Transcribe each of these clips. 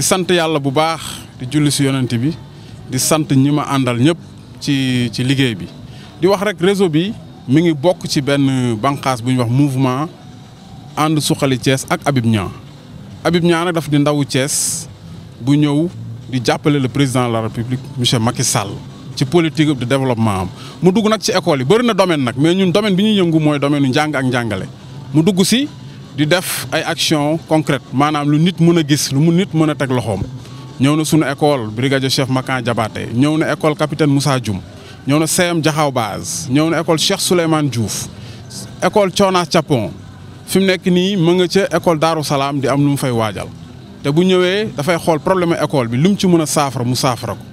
di sant yàlla bu baax di julli si yonent bi di sant ñi ma àndal ñëpp ci ci liggéey bi di wax rek réseau bi mu ngi bokk ci benn banqaas bu ñuy wax mouvement ànd suqali Thiès ak Habib ñaa Habib Niang nag daf di ndawu cees bu ñëw di jàppale le président de la République monsieur Macky Sall ci politique de développement am mu dugg nag ci école yi bëri na domaine nag mais ñun domaine bi ñuy yëngu mooy domaine u njàng ak njàngale mu dugg si di def ay action concrète manam lu nit mëna gis lu mu nit mëna tek loxom loxoom na école brigadier chef Makan Diabaté ñëw na école capitaine Moussa Dioum ñëw na CM Diakhao Base ñëw na école Cheikh Souleymane Diouf école chona chapon fi mu nekk nii nga école darou salam di am lu mu fay wajal té bu da fay xol problème école bi lu ci mëna a mu saafara ko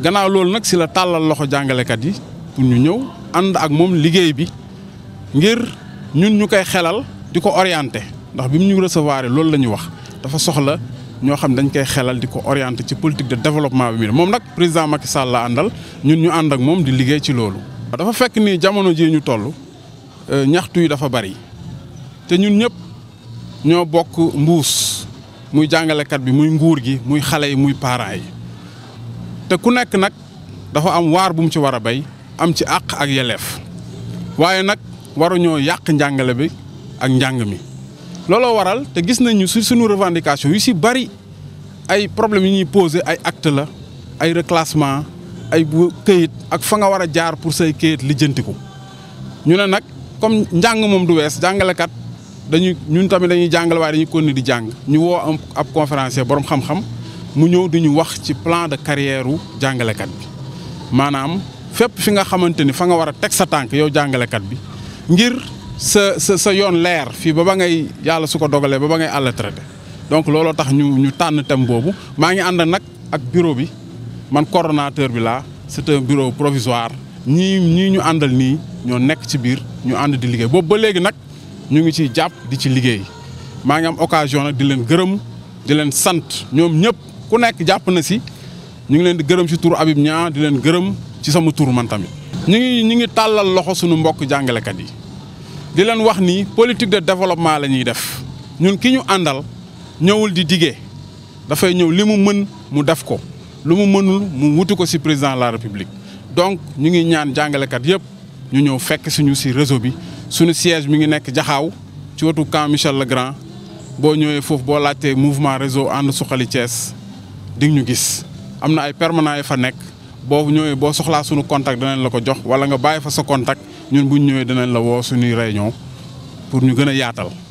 gannaaw lool nak si la talal loxo kat yi pour ñu ñëw and ak mom liggéey bi ngir ñun ñukay xelal orienté ndax bi mu ñu recevoir loolu la ñu wax dafa soxla ñoo xam dañ koy xelal di ko orienter ci politique de développement bi mu moom nag président Macky Sall la àndal ñun ñu ànd ak moom di liggéey ci loolu. dafa fekk ni jamono jii ñu toll euh, ñaxtu yi dafa bari te ñun ñëpp ñoo bokk mbuus muy jàngalekat bi muy nguur gi muy xale yi muy parents yi te ku nekk nag dafa am waar bu mu ci war a béy am ci àq ak yeleef waaye nag waruñoo yàq njàngale bi ak njàng mi. looloo waral te gis nañu su suñu revendication yu si bëri ay problèmes yu ñuy posé ay acte la ay reclassement ay këyit ak fa nga war a jaar pour say këyit lijjantiku ñu ne nag comme njàng moom du wees jàngalekat dañuy ñun tamit dañuy jàngale dañu dañuy continuer di jàng ñu woo am ab conférencier borom xam-xam mu ñëw di ñu wax ci plan de carrière u jàngalekat bi maanaam fépp fi nga xamante ni fa nga war a teg sa tànk yow jàngalekat bi sa sa sa yoon leer fii ba ba ngay yàlla su ko dogalee ba ba ngay àlla traité donc looloo tax ñu ñu tànn thème boobu maa ngi ànd nag ak bureau bi man coordonnateur bi laa c'est un bureau provisoire ñii ñii ñu àndal nii ñoo nekk ci biir ñu ànd di liggéey boobu ba léegi nag ñu ngi ciy jàpp di ci liggéey maa ngi am occasion nag di leen gërëm di leen sant ñoom ñëpp ku nekk jàpp na si ñu ngi leen di gërëm ci turu Habib Niang di leen gërëm ci sama tur man tamit. ñu ngi ñu ngi tàllal loxo suñu mbokk jàngalekat yi. di leen wax nii politique de développement la ñuy def ñun ki ñu àndal ñëwul di digee dafay ñëw li mu mën mu def ko lu mu mënul mu wutu ko ci président la république donc ñu ngi ñaan jàngalekat yëpp ñu ñëw fekk suñu ci réseau bi suñu siège mi ngi nekk jaxaaw ci wetu camp Michel Legrand boo ñëwee foofu boo laajtee mouvement réseau ànd suxali Thiès di ñu gis am na ay permanent yi fa nekk boo ñëwee boo soxlaa suñu contact danañ la ko jox wala nga bàyyi fa sa contact ñun bu ñu ñëwee dinañ la woo suñuy réunion pour ñu gën a yaatal